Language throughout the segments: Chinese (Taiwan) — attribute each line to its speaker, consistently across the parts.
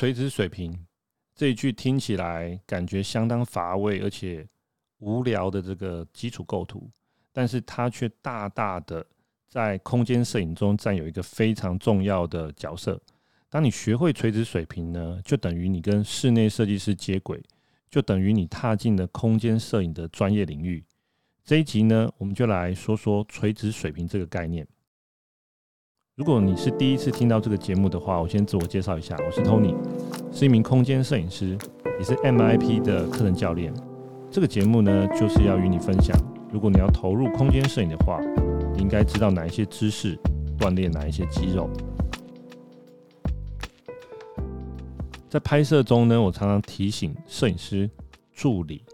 Speaker 1: 垂直水平這一句聽起來感覺相當乏味，而且無聊的這個基礎構圖，但是它卻大大的在空間攝影中佔有一個非常重要的角色。當你學會垂直水平呢，就等於你跟室內設計師接軌，就等於你踏進了空間攝影的專業領域。這一集呢，我們就來說說垂直水平這個概念。如果你是第一次聽到這個節目的話，我先自我介紹一下，我是 Tony，是一名空間攝影師，也是 MIP 的課程教練。這個節目呢，就是要與你分享，如果你要投入空間攝影的話，你應該知道哪一些知識，鍛鍊哪一些肌肉。在拍攝中呢，我常常提醒攝影師、助理、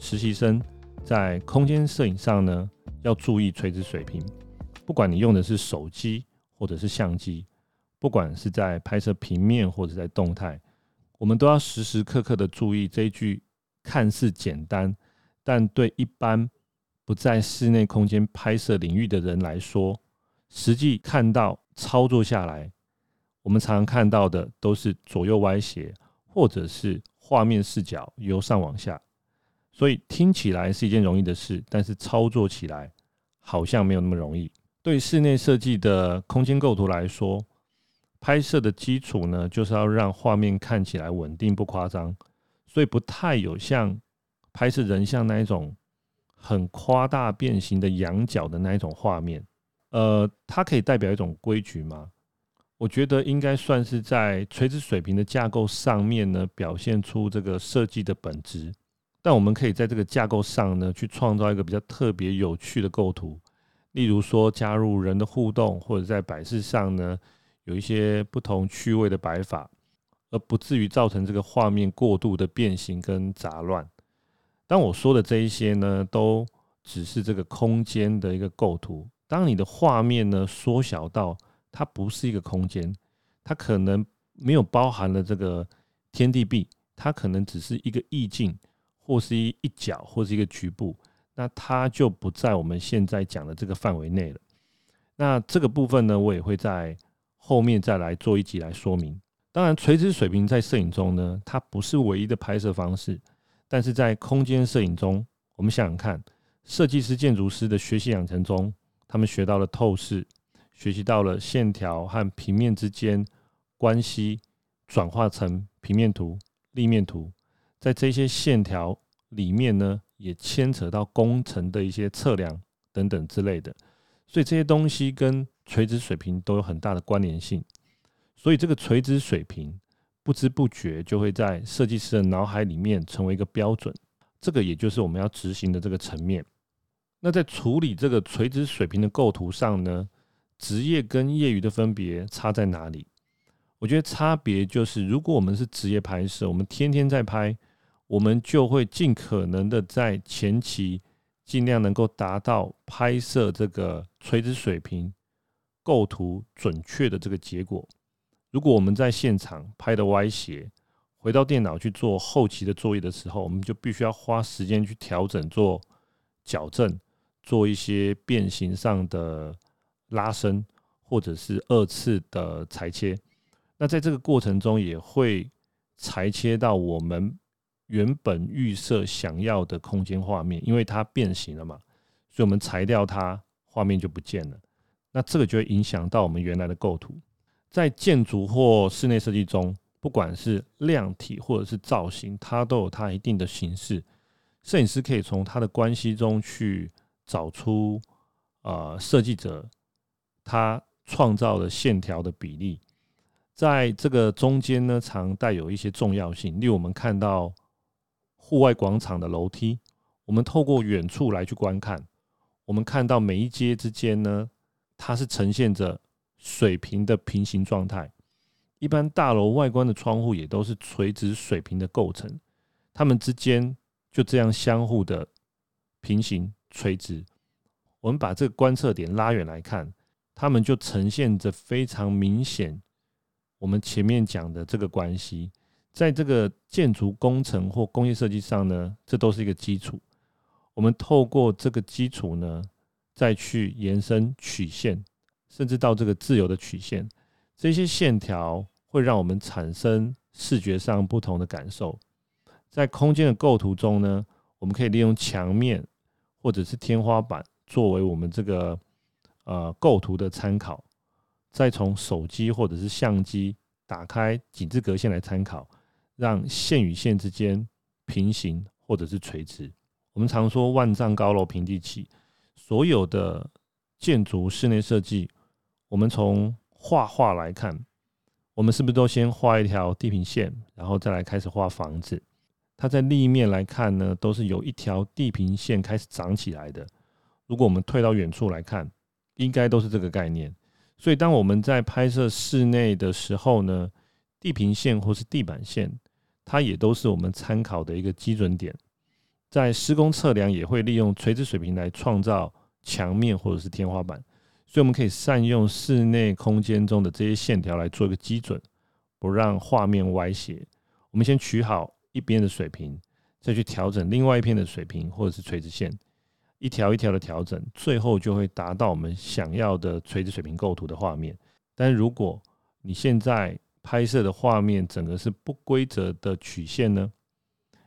Speaker 1: 實習生，在空間攝影上呢，要注意垂直水平，不管你用的是手機。或者是相機，不管是在拍攝平面或者在動態，我們都要時時刻刻的注意這一句看似簡單，但對一般不在室內空間拍攝領域的人來說，實際看到操作下來，我們常常看到的都是左右歪斜，或者是畫面視角由上往下，所以聽起來是一件容易的事，但是操作起來好像沒有那麼容易。對室內設計的空間構圖來說，拍攝的基礎呢，就是要讓畫面看起來穩定不誇張，所以不太有像拍攝人像那一種很誇大變形的仰角的那一種畫面。呃，它可以代表一種規矩嗎？我覺得應該算是在垂直水平的架構上面呢，表現出這個設計的本質。但我們可以在這個架構上呢，去創造一個比較特別有趣的構圖。例如說，加入人的互動，或者在擺飾上呢，有一些不同趣味的擺法，而不至於造成這個畫面過度的變形跟雜亂。當我說的這一些呢，都只是這個空間的一個構圖。當你的畫面呢，縮小到它不是一個空間，它可能沒有包含了這個天地壁，它可能只是一個意境，或是一一角，或是一個局部。那它就不在我們現在講的這個範圍內了。那這個部分呢，我也會在後面再來做一集來說明。當然，垂直水平在攝影中呢，它不是唯一的拍攝方式。但是在空間攝影中，我們想想看，設計師、建築師的學習養成中，他們學到了透視，學習到了線條和平面之間關係，轉化成平面圖、立面圖，在這些線條。裡面呢，也牽扯到工程的一些測量等等之類的，所以這些東西跟垂直水平都有很大的關聯性。所以這個垂直水平不知不覺就會在設計師的腦海裡面成為一個標準。這個也就是我們要執行的這個層面。那在處理這個垂直水平的構圖上呢，職業跟業餘的分別差在哪裡？我覺得差別就是，如果我們是職業拍攝，我們天天在拍。我們就會盡可能的在前期，盡量能夠達到拍攝這個垂直水平構圖準確的這個結果。如果我們在現場拍的歪斜，回到電腦去做後期的作業的時候，我們就必須要花時間去調整、做矯正、做一些變形上的拉伸，或者是二次的裁切。那在這個過程中，也會裁切到我們。原本預設想要的空間畫面，因為它變形了嘛，所以我們裁掉它，畫面就不見了。那這個就會影響到我們原來的構圖。在建築或室內設計中，不管是量體或者是造型，它都有它一定的形式。攝影師可以從它的關係中去找出，呃，設計者他創造的線條的比例，在這個中間呢，常帶有一些重要性。例如我們看到。戶外廣場的樓梯，我們透過遠處來去觀看，我們看到每一階之間呢，它是呈現着水平的平行狀態。一般大樓外觀的窗戶也都是垂直水平的構成，它們之間就這樣相互的平行垂直。我們把這個觀測點拉遠來看，它們就呈現着非常明顯我們前面講的這個關係。在這個建築工程或工業設計上呢，這都是一個基礎。我們透過這個基礎呢，再去延伸曲線，甚至到這個自由的曲線，這些線條會讓我們產生視覺上不同的感受。在空間的構圖中呢，我們可以利用牆面或者是天花板作為我們這個呃構圖的參考，再從手機或者是相機打開井字格線來參考，讓線與線之間平行或者是垂直。我們常說“萬丈高樓平地起”，所有的建築室內設計，我們從畫畫來看，我們是不是都先畫一條地平線，然後再來開始畫房子？它在立面來看呢，都是由一條地平線開始長起來的。如果我們退到遠處來看，應該都是這個概念。所以，當我們在拍攝室內的時候呢，地平線或是地板線，它也都是我們參考的一個基準點。在施工測量也會利用垂直水平來創造牆面或者是天花板，所以我們可以善用室內空間中的這些線條來做一個基準，不讓畫面歪斜。我們先取好一邊的水平，再去調整另外一邊的水平或者是垂直線，一條一條的調整，最後就會達到我們想要的垂直水平構圖的畫面。但如果你現在拍攝的畫面整個是不規則的曲線呢？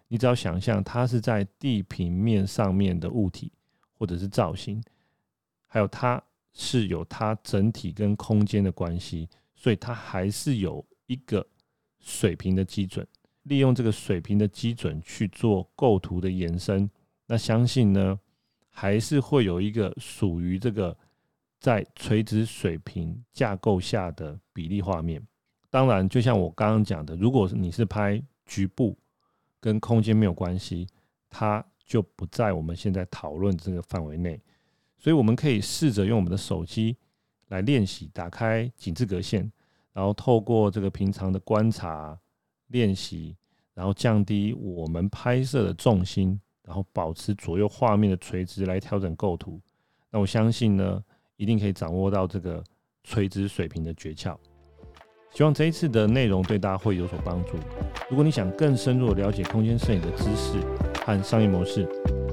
Speaker 1: 你只要想象它是在地平面上面的物體或者是造型，還有它是有它整體跟空間的關係，所以它還是有一個水平的基準。利用這個水平的基準去做構圖的延伸，那相信呢，還是會有一個屬於這個在垂直水平架構下的比例畫面。當然，就像我剛剛講的，如果你是拍局部跟空間沒有關係，它就不在我們現在討論這個範圍內。所以，我們可以試着用我們的手機來練習，打開井字格線，然後透過這個平常的觀察練習，然後降低我們拍攝的重心，然後保持左右畫面的垂直來調整構圖。那我相信呢，一定可以掌握到這個垂直水平的訣竅。希望這一次的內容對大家會有所幫助。如果你想更深入的了解空間攝影的知識和商業模式，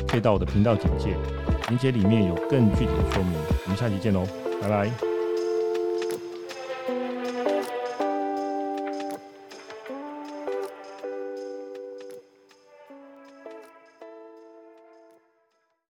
Speaker 1: 可以到我的頻道簡介，簡介裡面有更具體的說明。我們下期見嘍，拜拜。